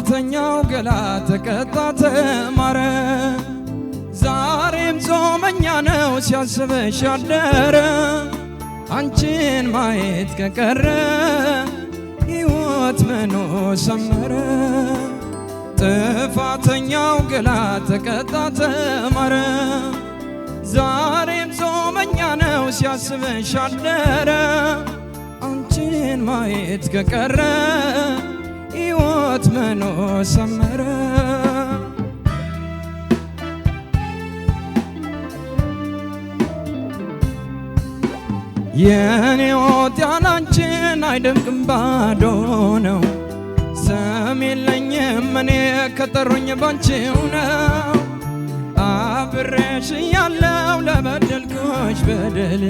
ሞተኛው ገላ ተቀጣ ተማረ። ዛሬም ጾመኛ ነው ሲያስበሽ አደረ። አንቺን ማየት ከቀረ ሕይወት መኖ ሰመረ? ጥፋተኛው ገላ ተቀጣ ተማረ። ዛሬም ጾመኛ ነው ሲያስበሽ አደረ። አንቺን ማየት ከቀረ በሕይወት መኖር ሰመረ የኔ ሕይወት ያላንቺን አይደምቅም ባዶ ነው። ስም የለኝም እኔ ከጠሩኝ ባንቺው ነው። አብሬሽ እያለሁ ለበደልኩሽ በደል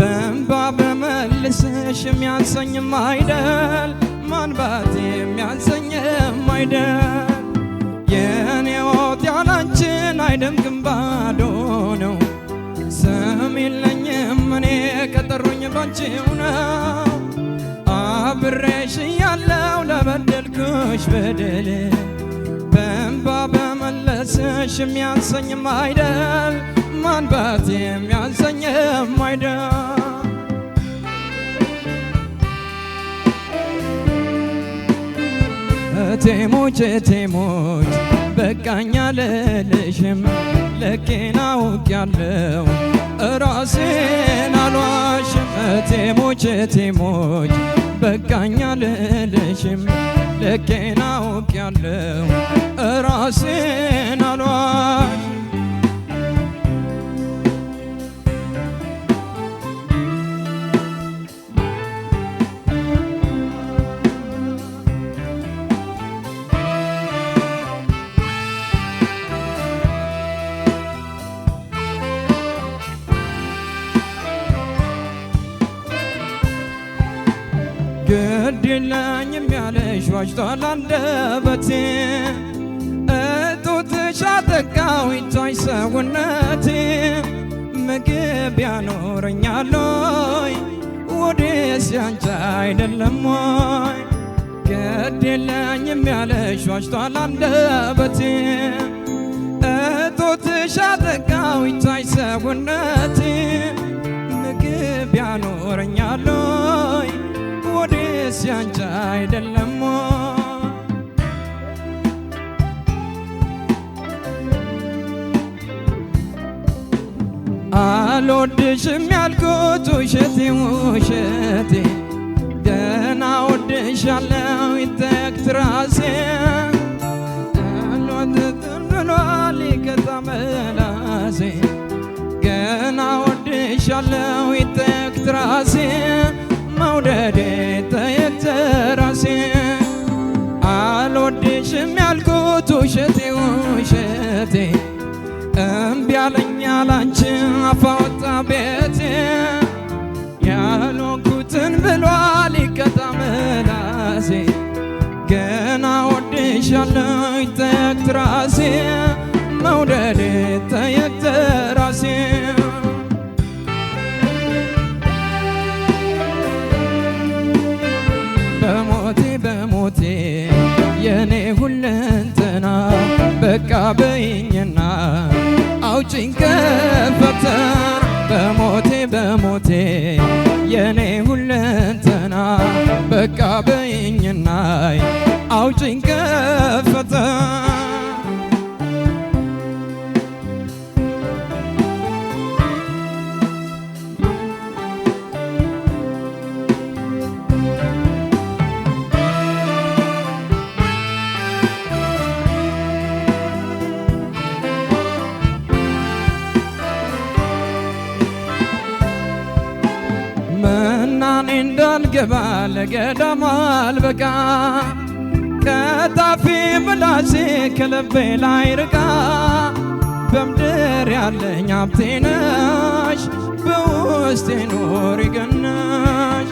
በእንባ በመልስሽ የሚያንሰኝም አይደል ማንባት የሚያንሰኝ አይደል የኔ ወት ያላንችን አይደምቅም ባዶ ነው። ስም የለኝም እኔ ከጠሩኝ ባንቺው ነው። አብሬሽ እያለሁ ለበደልኩሽ በደል በእንባ በመለስሽ የሚያንሰኝም አይደል ማንባት የሚያንሰኝም አይደል እቴሞች እቴሞች በቃኛ ልልሽም ለኬና አውቅያለው ራሴን አልዋሽም። እቴሞች እቴሞች በቃኛ ልልሽም ለኬና አውቅያለው ራሴን አልዋሽ ግድ ያለሽ ዋጅቷል አንደበቴ አጠቃው ይታይ ሰውነቴ ምግብ ያኖረኛል ወዴስ ያንቺ አይደለም ወይ ያለሽ ዋጅቷል አንደበቴ አጠቃው ይታይ ሰውነቴ ምግብ ያኖረኛል ልቤስ ያንቺ አይደለም አልወድሽም ያልኩት ውሸቴ ውሸቴ ገና ወድሻለው ይተክት ራሴ ብሏል ከታመላሴ ገና ወድሻለው ይተክት ራሴ መውደዴ ውሸት ውሸቴ ውሸቴ እምቢ አለኝ ላንቺ አፍ ቤቴ ያልኩትን ብሏል ይቀጣ ገና ወድሻለሁ ይጠየቅ ትራሴ በቃ በይኝና አውጭኝ ከፈተና በሞቴ በሞቴ የኔ ሁለንተና በቃ በይኝና አውጭኝ ከፈተና እንዳልገባ ለገዳማ አልበቃ ከታፊ ምላሴ ከልቤ ላይ ርቃ በምድር ያለኝ ሀብቴ ነሽ በውስጤ ኑሪ ገነሽ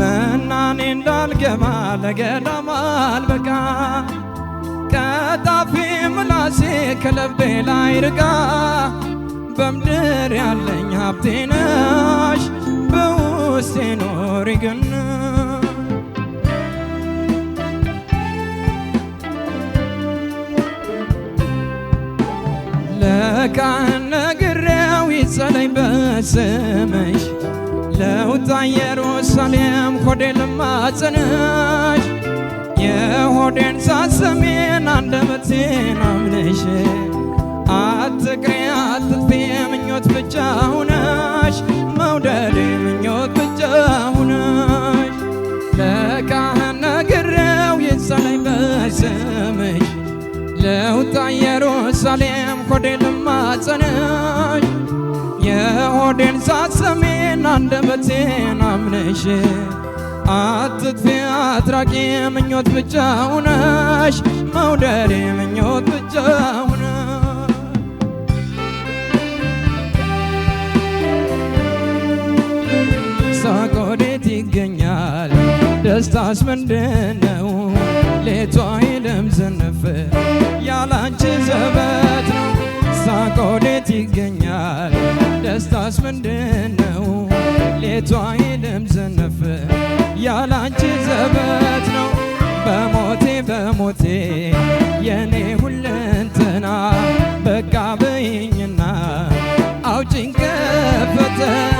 መናኔ እንዳልገባ ለገዳማ አልበቃ ከጣፊ ምላሴ ከልቤ ላይ ርቃ በምድር ያለኝ ሀብቴ ነሽ ውስጤ ኖሪ ግን ለካ ነግሬው ይጸለይ በስምሽ ለውጣ ኢየሩሳሌም ሆዴ ልማጽንሽ የሆዴን ሳሰሜን አንደበቴን አምነሽ ደውታ ኢየሩሳሌም ሆዴን ልማጸንሽ የሆዴን ሳሰሜን አንደበቴን አምነሽ አትጥፊ አትራቂ ምኞት ብቻ ሁነሽ መውደዴ ምኞት ብቻ ሁነ ሳቅ ወዴት ይገኛል? ደስታስ ምንድነው? ሌቷ ይለም ዘነፈ ያላንቺ ዘበት ነው ሳቆ ወዴት ይገኛል ደስታስ ምንድን ነው? ሌቷ ይለም ዘነፈ ያላንቺ ዘበት ነው በሞቴ በሞቴ የኔ ሁለንተና በቃ በይኝና አውጭኝ ከፈተ